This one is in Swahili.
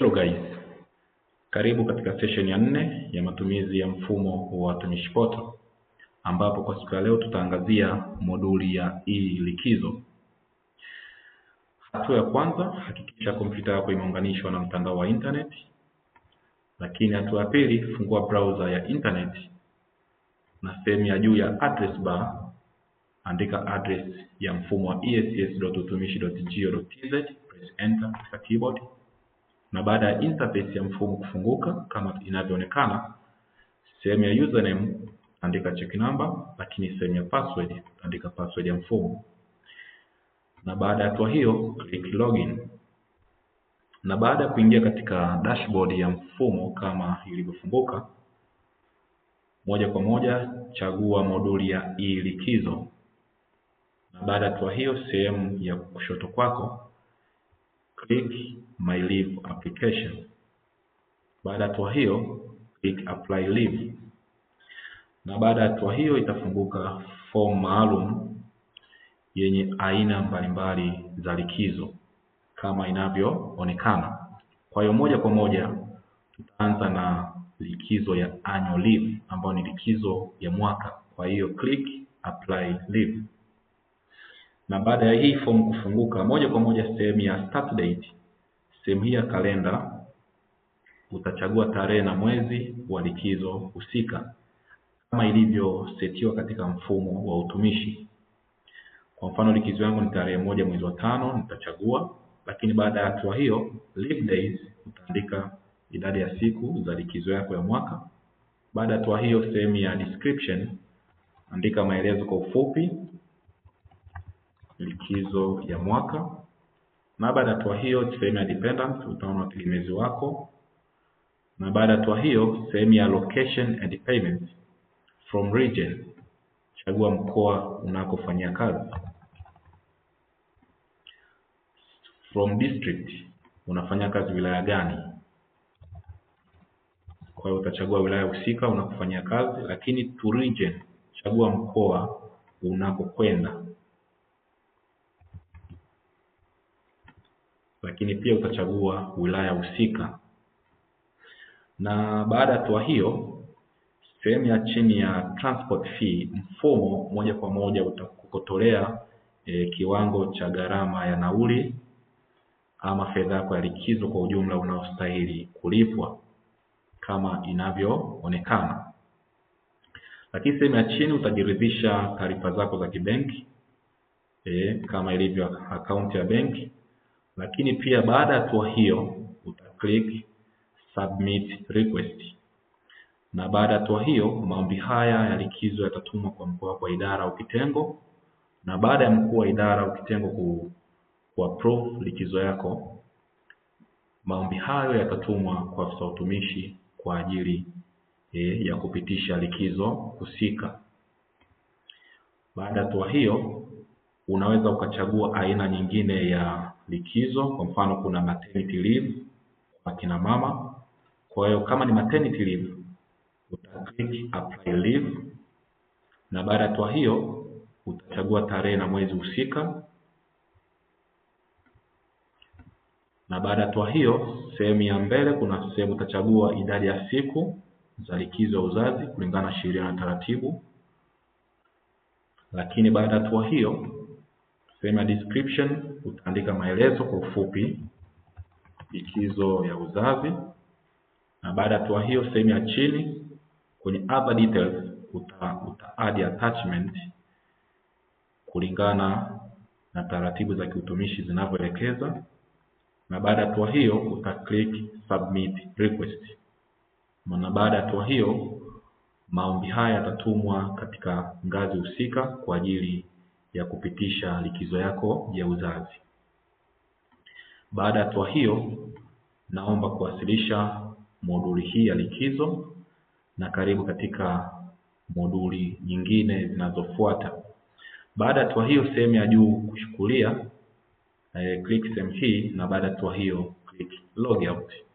Hello guys. Karibu katika session ya nne ya matumizi ya mfumo wa watumishi portal ambapo kwa siku ya leo tutaangazia moduli ya e-likizo. Hatua ya kwanza, hakikisha kompyuta yako imeunganishwa na mtandao wa internet. Lakini hatua ya pili, fungua browser ya internet na sehemu ya juu ya address bar andika address ya mfumo wa ess.utumishi.go.tz, press enter katika keyboard na baada ya interface ya mfumo kufunguka kama inavyoonekana, sehemu ya username andika check number, lakini sehemu ya password andika password ya mfumo, na baada ya hatua hiyo click login. Na baada ya kuingia katika dashboard ya mfumo kama ilivyofunguka, moja kwa moja chagua moduli ya ilikizo. na baada ya hatua hiyo, sehemu ya kushoto kwako click my leave application. Baada ya hatua hiyo click apply leave, na baada ya hatua hiyo itafunguka form maalum yenye aina mbalimbali za likizo kama inavyoonekana. Kwa hiyo moja kwa moja tutaanza na likizo ya annual leave ambayo ni likizo ya mwaka. Kwa hiyo click apply leave na baada ya hii fomu kufunguka moja kwa moja sehemu ya start date, sehemu hii ya kalenda utachagua tarehe na mwezi wa likizo husika kama ilivyosetiwa katika mfumo wa utumishi. Kwa mfano likizo yangu ni tarehe moja mwezi wa tano, nitachagua lakini baada ya hatua hiyo leave days, utaandika idadi ya siku za likizo yako ya mwaka. Baada ya hatua hiyo, sehemu ya description andika maelezo kwa ufupi likizo ya mwaka, na baada ya hatua hiyo sehemu ya dependent utaona wategemezi wako, na baada ya hatua hiyo sehemu ya location and payment from region, chagua mkoa unakofanyia kazi. From district, unafanya kazi wilaya gani? Kwa hiyo utachagua wilaya husika unakofanyia kazi, lakini to region, chagua mkoa unakokwenda lakini pia utachagua wilaya husika. Na baada ya hatua hiyo, sehemu ya chini ya transport fee, mfumo moja kwa moja utakukotolea e, kiwango cha gharama ya nauli ama fedha yako ya likizo kwa ujumla unaostahili kulipwa kama inavyoonekana. Lakini sehemu ya chini utajiridhisha taarifa zako za kibenki e, kama ilivyo akaunti ya benki lakini pia baada ya hatua hiyo uta click submit request, na baada ya hatua hiyo maombi haya ya likizo yatatumwa kwa mkuu wa idara au kitengo, na baada ya mkuu wa idara au kitengo ku approve likizo yako, maombi hayo yatatumwa kwa afisa utumishi kwa ajili eh, ya kupitisha likizo husika. Baada ya hatua hiyo unaweza ukachagua aina nyingine ya likizo, kwa mfano kuna maternity leave kwa kina mama. Kwa hiyo kama ni maternity leave uta click apply leave, na baada ya hatua hiyo utachagua tarehe na mwezi husika, na baada ya hatua hiyo, sehemu ya mbele kuna sehemu utachagua idadi ya siku za likizo ya uzazi kulingana na sheria na taratibu, lakini baada ya hatua hiyo Sehemu ya description utaandika maelezo kwa ufupi, likizo ya uzazi, na baada ya hatua hiyo, sehemu ya chini kwenye other details uta, uta add attachment kulingana na taratibu za kiutumishi zinavyoelekeza, na baada ya hatua hiyo uta click submit request, na baada ya hatua hiyo maombi haya yatatumwa katika ngazi husika kwa ajili ya kupitisha likizo yako ya uzazi. Baada ya hatua hiyo, naomba kuwasilisha moduli hii ya likizo na karibu katika moduli nyingine zinazofuata. Baada ya hatua hiyo, sehemu ya juu kushukulia, eh, click sehemu hii na baada ya hatua hiyo click log out.